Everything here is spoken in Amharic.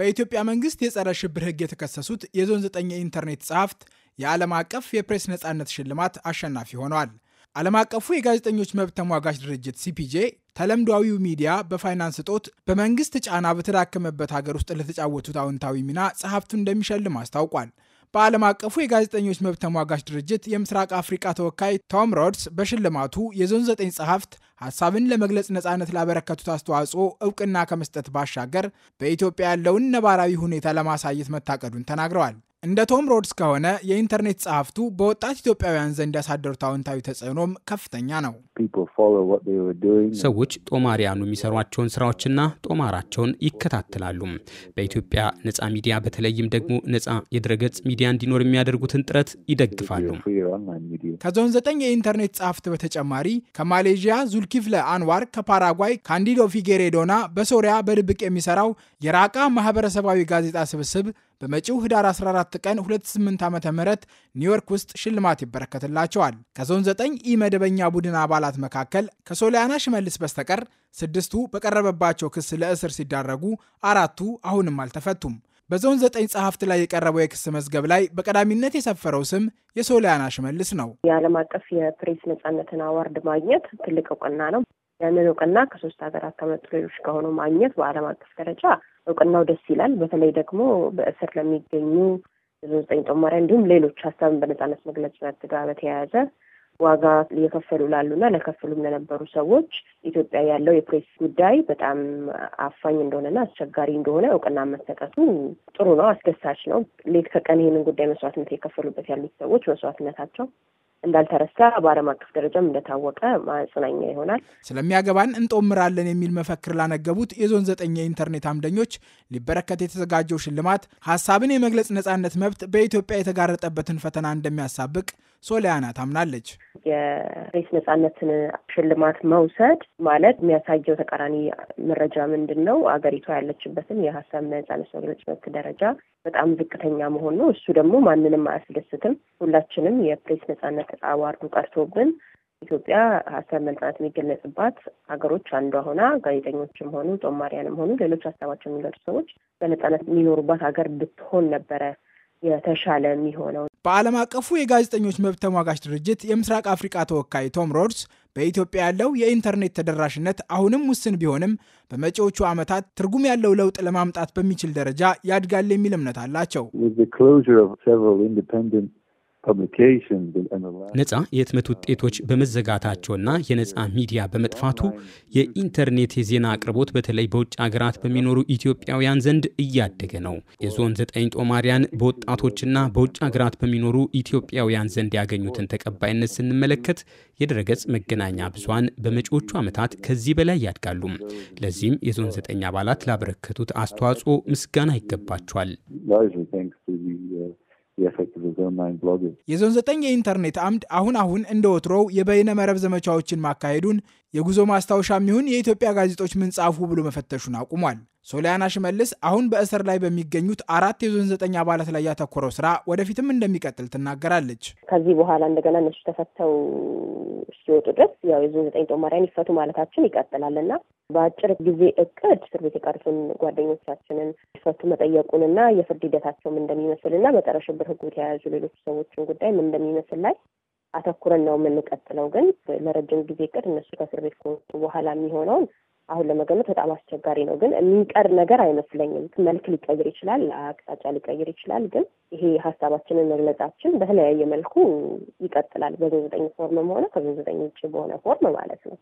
በኢትዮጵያ መንግስት የጸረ ሽብር ሕግ የተከሰሱት የዞን 9 የኢንተርኔት ጸሐፍት የዓለም አቀፍ የፕሬስ ነጻነት ሽልማት አሸናፊ ሆነዋል። ዓለም አቀፉ የጋዜጠኞች መብት ተሟጋች ድርጅት ሲፒጄ ተለምዷዊው ሚዲያ በፋይናንስ እጦት በመንግስት ጫና በተዳከመበት ሀገር ውስጥ ለተጫወቱት አዎንታዊ ሚና ጸሐፍቱን እንደሚሸልም አስታውቋል። በዓለም አቀፉ የጋዜጠኞች መብት ተሟጋች ድርጅት የምስራቅ አፍሪቃ ተወካይ ቶም ሮድስ በሽልማቱ የዞን ዘጠኝ ጸሐፍት ሀሳብን ለመግለጽ ነጻነት ላበረከቱት አስተዋጽኦ እውቅና ከመስጠት ባሻገር በኢትዮጵያ ያለውን ነባራዊ ሁኔታ ለማሳየት መታቀዱን ተናግረዋል። እንደ ቶም ሮድስ ከሆነ የኢንተርኔት ጸሐፍቱ በወጣት ኢትዮጵያውያን ዘንድ ያሳደሩት አዎንታዊ ተጽዕኖም ከፍተኛ ነው። ሰዎች ጦማሪያኑ የሚሰሯቸውን ስራዎችና ጦማራቸውን ይከታተላሉ። በኢትዮጵያ ነፃ ሚዲያ በተለይም ደግሞ ነፃ የድረገጽ ሚዲያ እንዲኖር የሚያደርጉትን ጥረት ይደግፋሉ። ከዞን ዘጠኝ የኢንተርኔት ጸሐፍት በተጨማሪ ከማሌዥያ ዙልኪፍለ አንዋር፣ ከፓራጓይ ካንዲዶ ፊጌሬዶና በሶሪያ በድብቅ የሚሰራው የራቃ ማህበረሰባዊ ጋዜጣ ስብስብ በመጪው ህዳር 14 ቀን 28 ዓ ም ኒውዮርክ ውስጥ ሽልማት ይበረከትላቸዋል። ከዞን 9 ኢ መደበኛ ቡድን አባላት መካከል ከሶሊያና ሽመልስ በስተቀር ስድስቱ በቀረበባቸው ክስ ለእስር ሲዳረጉ፣ አራቱ አሁንም አልተፈቱም። በዞን 9 ጸሐፍት ላይ የቀረበው የክስ መዝገብ ላይ በቀዳሚነት የሰፈረው ስም የሶሊያና ሽመልስ ነው። የዓለም አቀፍ የፕሬስ ነጻነትን አዋርድ ማግኘት ትልቅ እውቅና ነው። ያንን እውቅና ከሶስት ሀገራት ከመጡ ሌሎች ከሆኑ ማግኘት በዓለም አቀፍ ደረጃ እውቅናው ደስ ይላል። በተለይ ደግሞ በእስር ለሚገኙ ዘጠኝ ጦማሪያ እንዲሁም ሌሎች ሀሳብን በነጻነት መግለጽ መብት ጋር በተያያዘ ዋጋ እየከፈሉ ላሉና ለከፍሉም ለነበሩ ሰዎች ኢትዮጵያ ያለው የፕሬስ ጉዳይ በጣም አፋኝ እንደሆነና አስቸጋሪ እንደሆነ እውቅና መሰጠቱ ጥሩ ነው፣ አስደሳች ነው። ሌት ከቀን ይህንን ጉዳይ መስዋዕትነት የከፈሉበት ያሉት ሰዎች መስዋዕትነታቸው እንዳልተረሳ በዓለም አቀፍ ደረጃም እንደታወቀ ማጽናኛ ይሆናል። ስለሚያገባን እንጦምራለን የሚል መፈክር ላነገቡት የዞን ዘጠኝ የኢንተርኔት አምደኞች ሊበረከት የተዘጋጀው ሽልማት ሀሳብን የመግለጽ ነጻነት መብት በኢትዮጵያ የተጋረጠበትን ፈተና እንደሚያሳብቅ ሶሊያና ታምናለች። የፕሬስ ነጻነትን ሽልማት መውሰድ ማለት የሚያሳየው ተቃራኒ መረጃ ምንድን ነው? አገሪቷ ያለችበትን የሀሳብ ነጻነት መግለጽ መብት ደረጃ በጣም ዝቅተኛ መሆን ነው። እሱ ደግሞ ማንንም አያስደስትም። ሁላችንም የፕሬስ ነጻነት አዋርዱ ቀርቶብን ኢትዮጵያ ሀሳብ በነጻነት የሚገለጽባት ሀገሮች አንዷ ሆና ጋዜጠኞችም ሆኑ ጦማሪያንም ሆኑ ሌሎች ሀሳባቸው የሚገልጹ ሰዎች በነጻነት የሚኖሩባት ሀገር ብትሆን ነበረ የተሻለ የሚሆነው። በዓለም አቀፉ የጋዜጠኞች መብት ተሟጋች ድርጅት የምስራቅ አፍሪቃ ተወካይ ቶም ሮድስ በኢትዮጵያ ያለው የኢንተርኔት ተደራሽነት አሁንም ውስን ቢሆንም በመጪዎቹ ዓመታት ትርጉም ያለው ለውጥ ለማምጣት በሚችል ደረጃ ያድጋል የሚል እምነት አላቸው። ነፃ የህትመት ውጤቶች በመዘጋታቸውና የነፃ ሚዲያ በመጥፋቱ የኢንተርኔት የዜና አቅርቦት በተለይ በውጭ ሀገራት በሚኖሩ ኢትዮጵያውያን ዘንድ እያደገ ነው። የዞን ዘጠኝ ጦማሪያን በወጣቶችና በውጭ ሀገራት በሚኖሩ ኢትዮጵያውያን ዘንድ ያገኙትን ተቀባይነት ስንመለከት የድረገጽ መገናኛ ብዙሀን በመጪዎቹ ዓመታት ከዚህ በላይ ያድጋሉ። ለዚህም የዞን ዘጠኝ አባላት ላበረከቱት አስተዋጽኦ ምስጋና ይገባቸዋል። የዞን ዘጠኝ የኢንተርኔት አምድ አሁን አሁን እንደ ወትሮው የበይነ መረብ ዘመቻዎችን ማካሄዱን የጉዞ ማስታወሻ የሚሆን የኢትዮጵያ ጋዜጦች ምንጻፉ ብሎ መፈተሹን አቁሟል። ሶሊያና ሽመልስ አሁን በእስር ላይ በሚገኙት አራት የዞን ዘጠኝ አባላት ላይ ያተኮረው ስራ ወደፊትም እንደሚቀጥል ትናገራለች። ከዚህ በኋላ እንደገና እነሱ ተፈተው እስኪወጡ ድረስ ያው የዞን ዘጠኝ ጦማሪያን ይፈቱ ማለታችን ይቀጥላል እና በአጭር ጊዜ እቅድ እስር ቤት የቀሩትን ጓደኞቻችንን ይፈቱ መጠየቁንና የፍርድ ሂደታቸው እንደሚመስል እና በጸረ ሽብር ሕጉ የተያያዙ ሌሎች ሰዎችን ጉዳይ እንደሚመስል ላይ አተኩረን ነው የምንቀጥለው። ግን ለረጅም ጊዜ እቅድ እነሱ ከእስር ቤት ከወጡ በኋላ የሚሆነውን አሁን ለመገመት በጣም አስቸጋሪ ነው። ግን የሚንቀር ነገር አይመስለኝም። መልክ ሊቀይር ይችላል፣ አቅጣጫ ሊቀይር ይችላል። ግን ይሄ ሀሳባችንን መግለጻችን በተለያየ መልኩ ይቀጥላል። በዘዘጠኝ ፎርም ሆነ ከዘዘጠኝ ውጭ በሆነ ፎርም ማለት ነው።